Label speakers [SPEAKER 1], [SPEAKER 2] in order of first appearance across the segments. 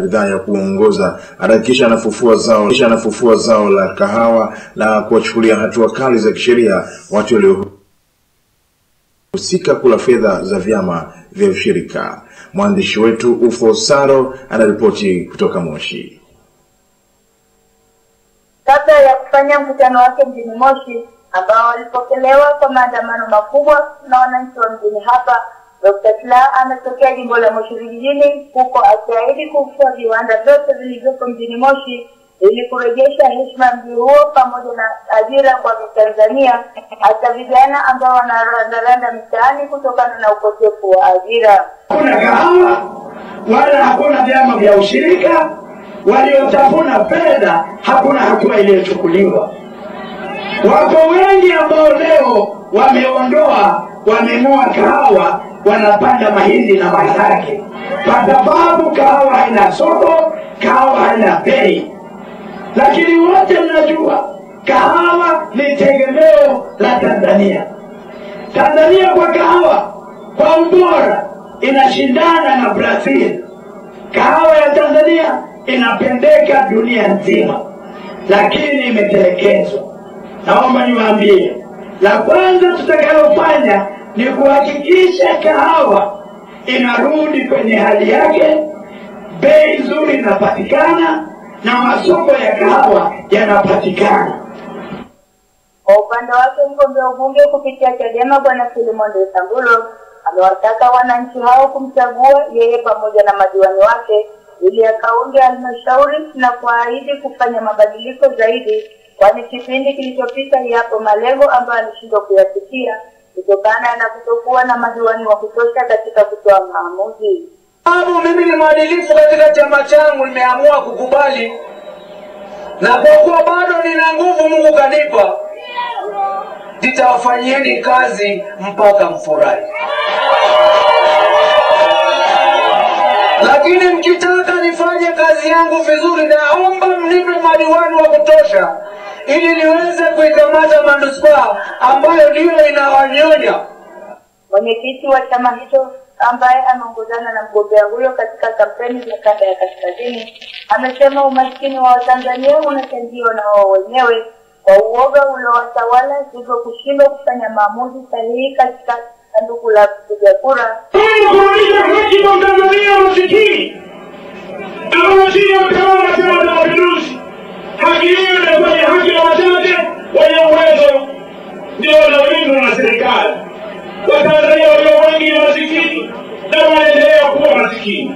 [SPEAKER 1] ridhaa ya kuongoza atahakikisha anafufua zao kisha anafufua zao la kahawa na kuwachukulia hatua kali za kisheria watu waliohusika kula fedha za vyama vya ushirika. Mwandishi wetu Ufo Saro anaripoti kutoka Moshi. Kabla ya kufanya mkutano wake mjini Moshi ambao walipokelewa kwa maandamano makubwa na wananchi wa mjini hapa Dkt. ametokea jimbo la Moshi Vijijini, huko akiahidi kufua viwanda vyote vilivyopo mjini Moshi ili kurejesha heshima ya mji huo pamoja na ajira kwa tanzania hata vijana ambao wanarandaranda mitaani kutokana na ukosefu wa ajira. Hakuna kahawa wala hakuna vyama vya ushirika, waliotafuna fedha hakuna hatua iliyochukuliwa. Wapo wengi ambao leo wameondoa, wamenua kahawa wanapanda mahindi na maharage kwa sababu kahawa haina soko, kahawa haina bei. Lakini wote mnajua kahawa ni tegemeo la Tanzania. Tanzania kwa kahawa, kwa ubora inashindana na Brazil. Kahawa ya Tanzania inapendeka dunia nzima, lakini imetelekezwa. Naomba niwaambie, la kwanza tutakayofanya ni kuhakikisha kahawa inarudi kwenye hali yake, bei nzuri inapatikana na masoko ya kahawa yanapatikana. Kwa upande wake, mgombea ubunge kupitia CHADEMA Bwana Filimon Ndusangulo amewataka wananchi hao kumchagua yeye pamoja na madiwani wake ili akaunge halmashauri na kuahidi kufanya mabadiliko zaidi, kwani kipindi kilichopita yapo malengo ambayo alishindwa kuyafikia kutokana na kutokuwa na madiwani wa kutosha katika kutoa maamuzi. Sababu mimi ni mwadilifu katika chama changu, nimeamua kukubali, na kwa kuwa bado nina nguvu Mungu kanipa, nitawafanyieni kazi mpaka mfurahi. Lakini mkitaka nifanye kazi yangu vizuri, naomba mnipe madiwani wa kutosha ili niweze kuikamata manispaa ambayo ndiyo inawanyonya. Mwenyekiti wa chama hicho ambaye ameongozana na mgombea huyo katika kampeni za kanda ya kaskazini amesema umaskini wa Watanzania unachangiwa na wao wenyewe kwa uoga uliowatawala, hivyo kushindwa kufanya maamuzi sahihi katika sanduku la kupiga kura. Kuonyesha haki kwa Mtanzania masikini na waziri serikali. Watanzania walio wengi ni masikini na wanaendelea kuwa masikini.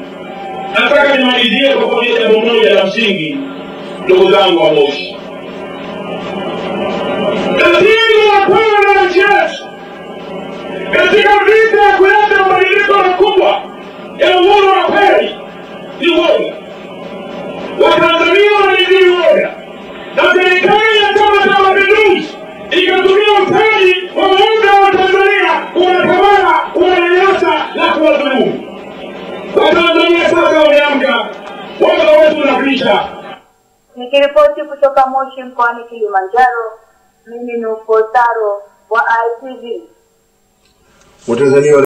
[SPEAKER 1] Nataka nimalizie kwa kuonyesha jambo moja la msingi, ndugu zangu wa Moshi. Tatizo la kwanza la nchi yetu katika vita ya kuleta mabadiliko makubwa Tanga, mwanga wetu unapisha. Nikiripoti kutoka Moshi mkoani Kilimanjaro, mimi ni Upotaro wa ITV. Watanzania